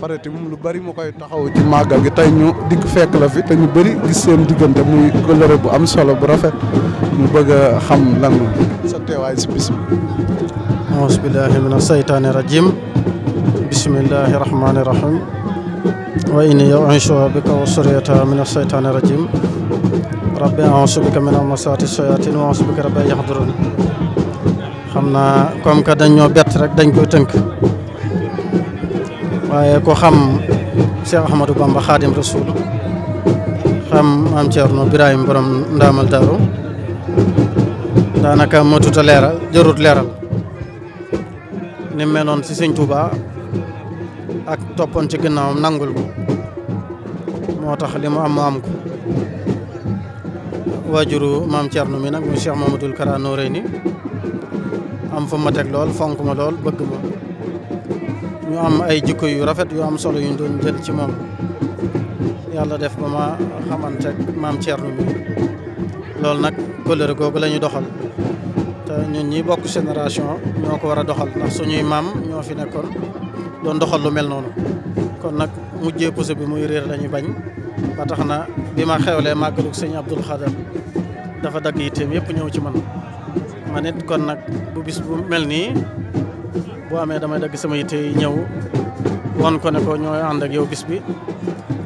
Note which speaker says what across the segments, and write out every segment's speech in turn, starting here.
Speaker 1: pare te moom lu bari mu koy taxaw ci màggal gi tey ñu dikk fekk la fi te ñu bëri gis seen diggante muy kóllëre bu am solo bu rafet ñu bëgg a xam lan sa teewaay si bi aouzu billahi min asaytaani rajim bismillahi rahmaani rahim wa inni yow anchoa bika wa suriyata xam naa comme dañ ñoo bett rek dañ koy tënk waaye ko xam Cheikh Ahmadou Bamba Khadim Rasoul xam am Ceerno Birahim borom ndaamal daaru daanaka matut leeral jarut leeral ni mel noon ci sëñ ak toppoon ci ginnaawam nangul moo tax li mu am mu am ko waajuru maam Thierno mi nag mu Cheikh Mamadou Kara Noreyni am fa ma teg lool fonk ma lool bëgg ma ñu am ay jikko yu rafet yu am solo yuñ doon jël ci moom yàlla def ba ma xamante maam Thierno mi loolu nag kóllëre googu la ñu doxal te ñun ñi bokk génération ñoo ko war a doxal ndax suñuy maam ñoo fi nekkoon doon doxal lu mel noonu kon nag mujjee puso bi muy réer la bañ ba tax na bi ma xewlee màggalu sëñ Abdul Xadar dafa dagg yitteem yëpp ñëw ci man ma kon nag bu bis bu mel nii boo amee damay dagg sama yitte ñëw wan ko ne ko ñooy ànd ak yow bis bi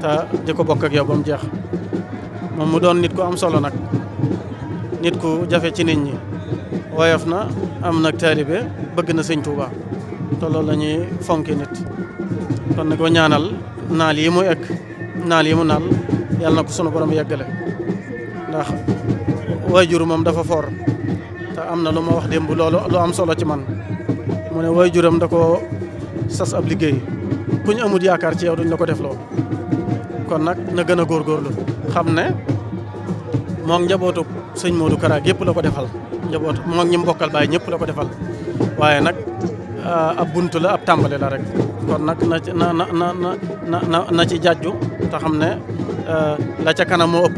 Speaker 1: te di ko bokk ak yow ba mu jeex moom mu doon nit ku am solo nag nit ku jafe ci nit ñi woyof na am nag taalibe bëgg na sëñ Tuuba te loolu la ñuy fonki nit kon ne ko ñaanal naal yi mu egg naal yi mu naal yàlla na ko sunu borom yeggale ndax waajur moom dafa foor te am na lu ma wax démb loolu lu am solo ci man mu ne waajuram da koo sas ab liggéey ku ñu amut yaakaar ci yow duñ la ko def loo kon nag na gën a góorgóorlu xam ne moom njabootu sëñ Modou Kara yépp la ko defal njabootu moom ñi mbokkal baay ñëpp la ko defal waaye nag ah, ab bunt la ab tàmbali la rek kon nag na na na na na ci jàjju te xam ne ah, la ca kanam moo ëpp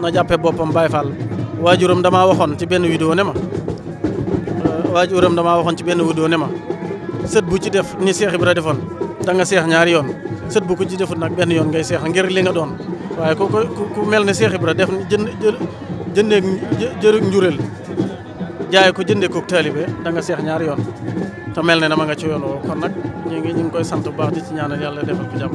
Speaker 1: na jàppe boppam Baay Faal waajuram damaa waxoon ci benn vidéo ne ma waajuram damaa waxoon ci benn wuddoo ne ma bu ci def ni Seex Ibra defoon da seex ñaari yoon sët bu ko ci defut nag benn yoon ngay seex ngir li nga doon waaye ku mel ne Seex Ibra def jënd jëndee jërëg njureel jaay ko jëndee koog taalibe da nga seex ñaari yoon te mel ne na ma nga ci yoon woo kon nag ñu ngi ñu ngi koy sant bu baax di ci ñaanal yàlla defal ko jàmm.